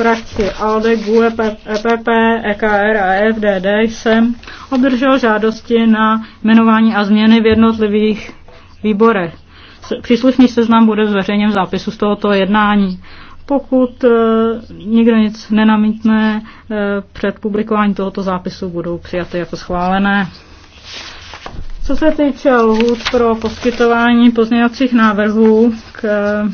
frakci ALDE, GUE, EPP, EKR e a e FDD jsem obdržel žádosti na jmenování a změny v jednotlivých výborech. Příslušný seznam bude zveřejněn v zápisu z tohoto jednání. Pokud e, nikdo nic nenamítne, e, před publikováním tohoto zápisu budou přijaty jako schválené. Co se týče lhůt pro poskytování pozměňovacích návrhů k